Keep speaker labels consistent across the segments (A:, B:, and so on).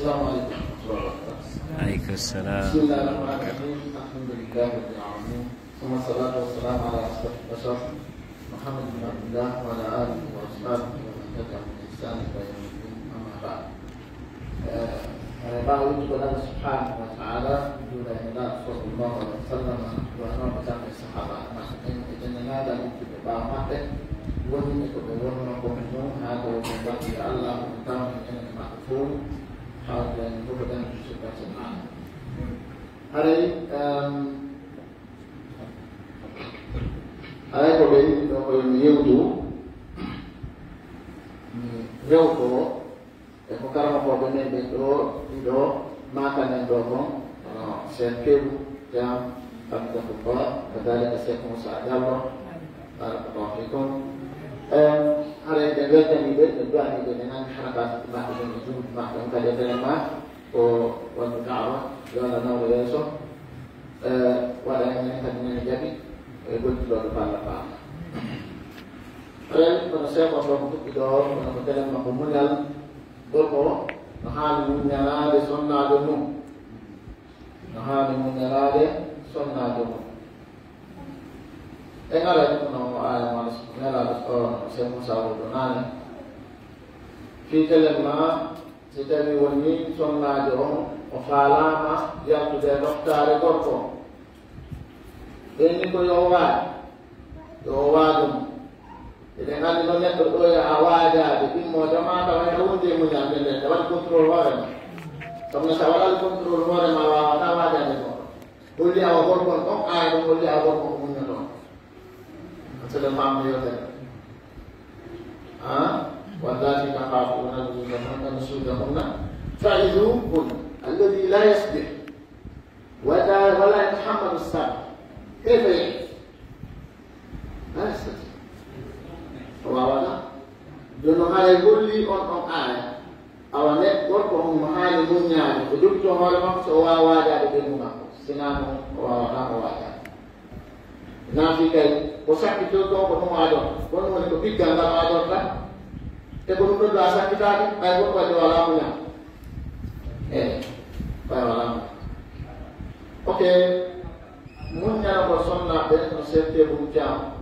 A: السلام عليكم ورحمة الله وبركاته. عليكم السلام. بسم الله الرحمن الرحيم، الحمد لله رب العالمين، ثم الصلاة والسلام على أشرف البشر محمد بن عبد الله وعلى آله وأصحابه ومن تبعهم بإحسان إلى يوم الدين، أما بعد. أنا آه، بعود الله سبحانه وتعالى دون إله صلى الله عليه وسلم وأنا بتعب الصحابة أجمعين، إذن هذا ممكن ببعض وهم يتبعون ربهم هذا ومن بعد الله potem oczywiście pracę na nim. Ale, um, ale powiem, to powiem, nie udu. Wielko, jako karma powodem, nie do, i do, maka nie do, no, się pił, ja, tam to chyba, badali, a się komu sadzało, para potrafiką. Ale, jak wiecie, nie wiecie, nie wiecie, nie wiecie, nie wiecie, nie wiecie, nie wiecie, nie والدعوة لولا نور يسوع ولا ينهد من الجبي ويقول له الفعل الفعل Kalau pada saya waktu itu tidur, pada waktu eh, lah, yang mengumumkan Boko, nahan mengenal di sana dulu, nahan mengenal di sana dulu. Enggak lagi menunggu ayam malas mengenal di sana, saya mau sahur dulu nanti. Fitel yang mana sitani woni sonnajo on o faalama yaltude noftare gorko o ɓenni ko yo waaji yo waajum eɗen anndi noon neɗɗo ɗo yaha waajaade ɓimmoojo ma tawa e hunde muñalde nde nde waɗi contrôle hoore ma sabu so waɗal contrôle hoore ma waawata waajaade ko holli awa gorkon on aaya ɗum holli awa gorkon muña ɗon sele famde yoten a وَذَلِكَ خَافُونَ الْمُزَمَنَ الْمُسُودَهُنَا فَإِذُوبٌ الَّذِي لَا يَسْبِحْ وَلَا وَلَا يَتْحَمَّلُ السَّابِحْ كيف يعرف؟ لا يستطيع هو ولا دون ما يقول لي أن أن آية أو أن يقول لهم ما هي المنيا فدكت هو ما هو ولا يدري ما هو سنامه هو ولا هو ولا نافيك وساكتوا كم هو عدم كم هو كبير كم هو عدم لا lah, kita belum berbahasa kita ini Aku baju alamnya Eh, baju alam Oke Munya lo bosan nak beri konsepnya bukan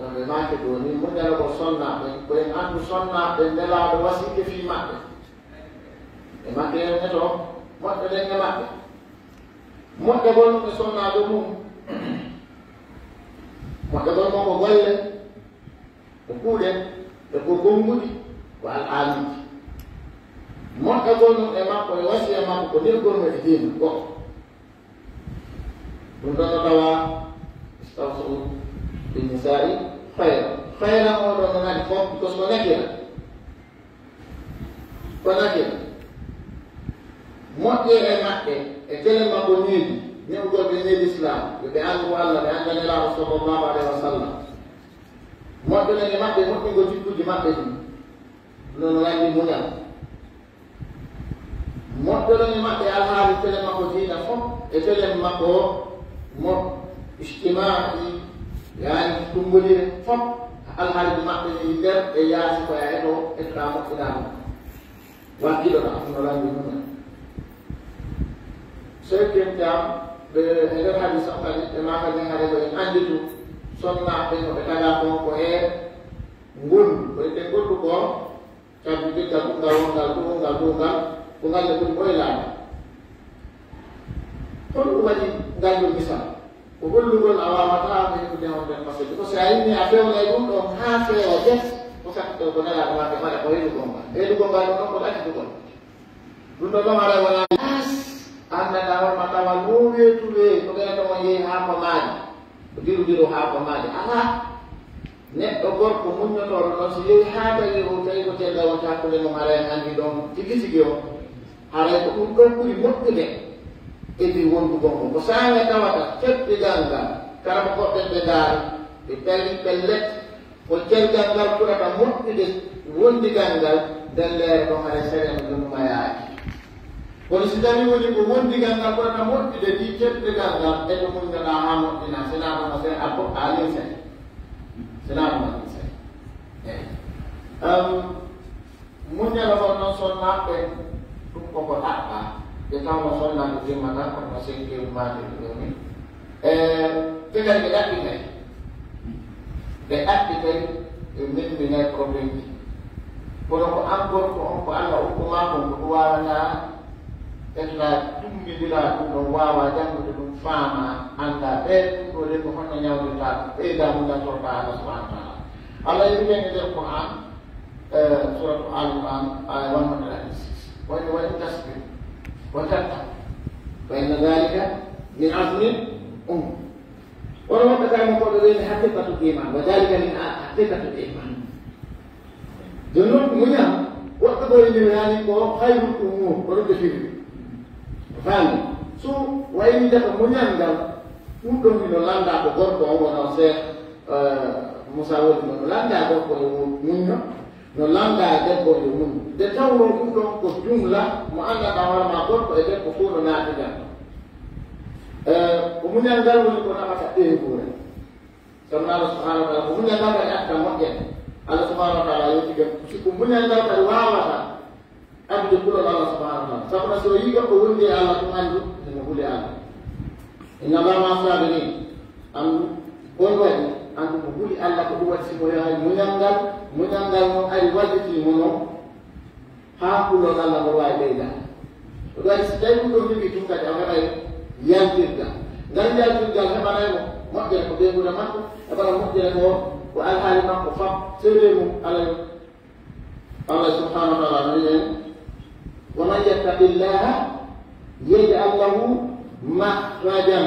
A: Nabi Mahdi dulu ni Munya lo bosan nak beri Kau yang aku bosan nak beri Nela ada wasi ke film mati Emak dia ni eh, tu Mak dia ni mati Mak dia belum bosan nak beri Mak dia belum bosan nak beri Mak dia e ko gongudi ko al aamidi mokka gonnon e makko e wasiya makko ko nden gonno e deedi go ɗum ɗono tawa stafsu binisari fayra fayra o ɗo no nani fof bicos ko nakira ko nakira moƴƴere maɓɓe e tele makko niidi newgol ɓe nedi islam yoɓe anndu allah ɓe anndanelaako sallallahu alayhi wa sallam What do they map? They want me go to the map. No, no, like the model. What do they map? They are not telling them about it. Therefore, they tell them about what اجتماعي يعني تنبلي فق الحال المعقل يدر إياس فيعيده إكرامه إلهه وأكيد رحمه الله يمنى سيكون كام بهذا الحديث أقل ما كان هذا عندي sonna be no kala ko ko e ngun ko te ko to ko ka bi te ka ka won ka ko ka ko ka ko ka le ko ko la to lu ma di ngal lu misal ko ko lu ngol awa mata be ko de on be ma se ko se ay ni abe on ay ko ko ha se o je ko ka to ko na la ma ka ma ko e lu ko ma e lu ko ma no ko la ti ko lu no ma la wala as anna na wa mata wa lu ye tu le ko ga to ye ha ma ma ni jur juru ha ko ma de ala ne ko gor ko munno to no si yi ha ta yi o tay ko te dawo ta ko le mo mare an di dom ti gi si yo ala ko ko ko ko motte de e di won ko ko ko sa ne ta wa ta ke ti ganga kara ko te be dar di pelli pelle ko te ganga ko ta motte de won di ganga dal le ko mare kalau si tadi ni bukan diganggu apa namun tidak dicet diganggu itu pun kena hamut di nasi nama nasi apa alis eh senang mati saya. Um, munya lepas nonton nape pun kau kau tak apa kita nonton lagi di mana pun masih di rumah di rumah ni. Eh, tidak tidak ini. Tidak tidak ini dengan problem. Kalau aku ambil, kalau aku ambil, aku ambil, aku ambil, aku ella tumbidira ɗumɗo wawa janggude ɗum faama annda ɓe ɗo de ko honno ñawdirta ɓeydamudantorɗa allah subahanau taala allah yiɓiɓene nder ko an suratu alquran aya wannodeladisis woni waɗi tafsir, ko tak. fa inna dalika min asmin um wono wonɓe kaymo koɗo leni haqiqatu iman wa dalika min haqiqatu iman jonnon muñam woɗɗo ɓoyndiwnani ini hayrul umur ko ɗum de firi fani so wayinde ko muñan gal ɗum ɗon mino landaɓo gorko o wona o seeɗa moussa wodi no landa gorko e muñno no landa debbo e mum nde tawno ɗum ɗon ko jumla mo annaɗa horema gorko e debbo fo no naatigal ko muñal ngal woni ko nawata ɓeygure sabuna allah subahana wa taala ko muñal ngal kadi atta allah subahana wa taala yettigam si ko muñal abde kulol allah subhanahu wa taala sabuna so yiga ko wondi e allah ɗum anndi ene huli allah inna lama saabi ni an kon waɗi an ɗum huli allah ko ɗum waɗi siko yahay muñal ngal muñal ngal noon ari wallitimo noon haa kulol allah ko waawi ɓeyda ɗo waɗi so tawi ɗum ɗo jogi tum kadi a heɓay yaltirgal ngal yaltirgal heɓanay mo moƴƴere ko ɓeygude makko heɓana moƴƴere ko ko alhaali makko fam sewre mum alay allah subhanahu wa taala noyen وَمَنْ يَتَّقِ اللَّهَ يَجْعَلْ لَهُ مَخْرَجًا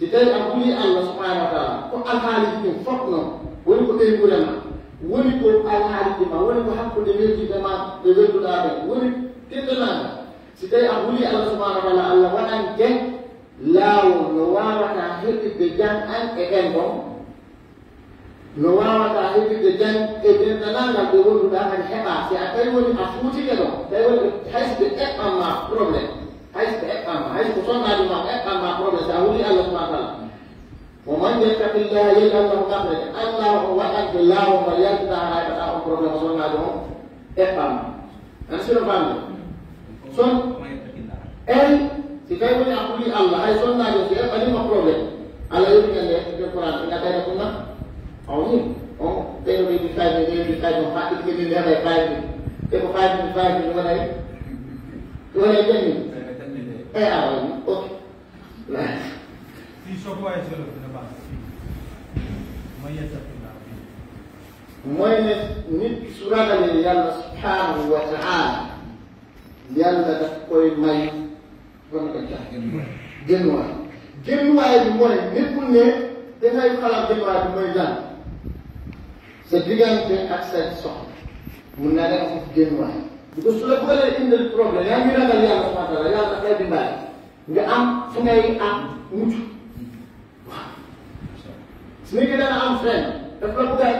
A: ci tay am ku ñuy àll subhanahu wa taala ko alxaalis ñu fokk na wëri ko tey wuré ma wëri ko alxaalis ci ma wëri ko xam ko de wér ci dama de wér ko daa dem wëri kenn de naa si tay am ku ñuy àll subhanahu wa taala àll wanaan ke laawu lu waawata xëpp bi jàng ak ekeen boobu Luar mata hari ini kejadian kejadian tenang dan turun sudah hari hebat. Si apa yang boleh aku uji kalau saya boleh harus dekat sama problem. Harus dekat sama, harus kosong dari mak dekat sama problem. Saya uji Allah swt. Momen yang ketiga ini Allah swt. Allah swt adalah orang yang kita harap kita akan problem kosong dari mak dekat sama. Nasib orang mana? Son. Eh, si saya boleh aku uji Allah. Harus kosong dari mak dekat sama problem. Allah itu yang dia kerjakan. Kita ada pun mak. Aí, ó, tem alguém que faz dinheiro, que faz um rato, que ele leva e faz. Eu vou fazer um faz, olha aí. Olha aí, Dani. É, olha aí. É, olha aí. Outro. Sim, só qual é o seu Amanhã está final. Amanhã, muito surada, ele já não se fala, o atrás. Ele já não foi mais. Vamos cantar. De novo. De novo, ele morre, nem por nem. Tem aí o canal de novo, ele morre já. C'est diggante ak say soxla mun naa leen foofu génn waaye parce que su la bëggee indil problème yaa ngi ragal yàlla subhanahu wa taala yàlla dafay dimbaale nga am fu ngay am mucc waaw su nekkee dana am fenn daf la bëgg a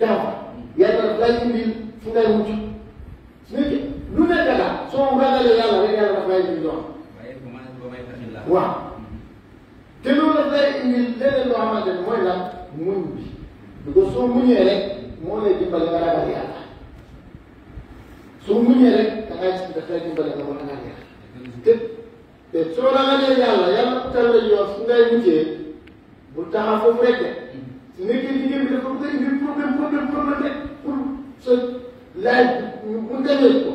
A: daaw yàlla daf lay indil fu ngay mucc su nekkee lu nekk la soo ragalee yàlla rek yàlla daf lay indil doon waaw te loolu daf lay indil leneen loo xamante ne mooy lan muñ bi parce que soo muñee rek moo lay dimbale nga ragal yàlla soo muñee rek da ngay daf lay dimbale nga war a ragal yàlla te te soo ragalee yàlla yàlla tal la yoon su ngay muccee bul taxaw foofu rek de su nekkee liggéey bi dafa bëri ngir problème problème problème rek pour sa laaj ñu mu demee ko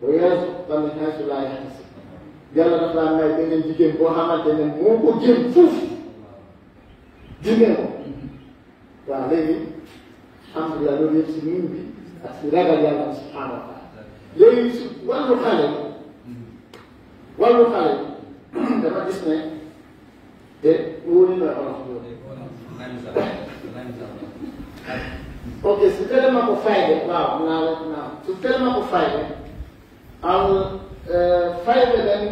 A: booy yàlla su xam ne xaalis laa yàlla si yàlla dafa laa may beneen jigéen boo xamante ne moo ko jëm foofu jigéen ko waaw léegi am yàlla loolu yëpp si ñun bi ak si ragal yàlla subhaanahu wa taala léegi si wàllu xale wàllu xale dama ne te wóolu na ok su fekkee ma ko fayde waaw naa la naa su fekkee ma ko fayde am fayde den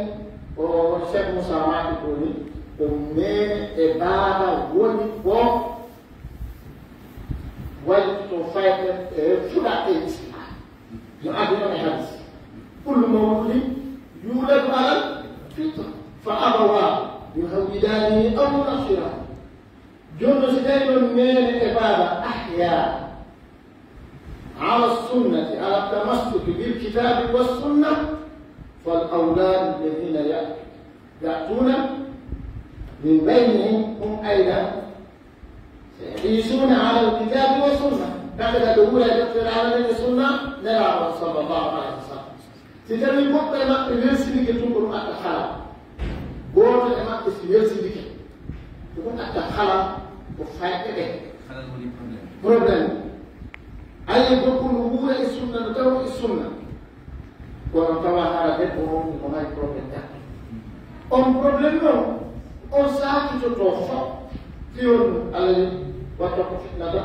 A: o Cheikh Moussa Mati Boni o mene e provided a fuller aid لأهل الحديث كل مولود يولد على الفطرة فأبواه يهودانه أو نصيرانه جون سليم من العبادة أحيا على السنة على التمسك بالكتاب والسنة فالأولاد الذين يأتون من بينهم هم أيضا سيعيشون على الكتاب والسنة كانت الأولى في العالمين السنة نلعب صلى الله عليه وسلم سيدنا يقول ما يرسل لك تقول ما تخلى قول ما يرسل لك تقول ما تخلى وفايتك problem أي بقول هو إيه السنة نتوه إيه السنة ونتوه هذا دبهم وما يبروبلم ده أم problem no أم ساكت تتوفى في على وتوقف ندم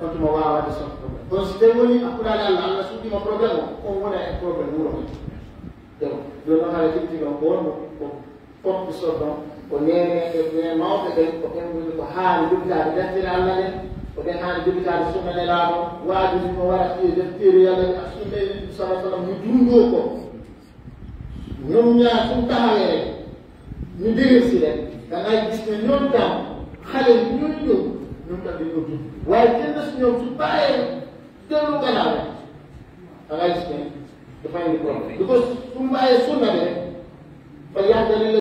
A: hotumo wawade son probléme kono so tawi woni hakkudaade allah allah suuɗima probléme o on wona e probléme wuro men donc joni noon haɗa jibti ɗon ko wonmo ko fofɓe sordon ko neneɓe nen mawɓe ɓen ko ɓen woni ko haani jogitaade deftere allah nen ko ɓen haani jogitaade sunna nelaaɗo waaduni ko wara fiye deftere allah a sunna sala sallam mi jungo ko ñomñaa tum tahawere mi dirisi ren ganaa gis ne ñoom tam xale ñoyɗo ñoom daal dañoo tuub waaye kenn su bàyyee dellu gannaaw rek ne dafay indi problème. parce que su mu bàyyee sunna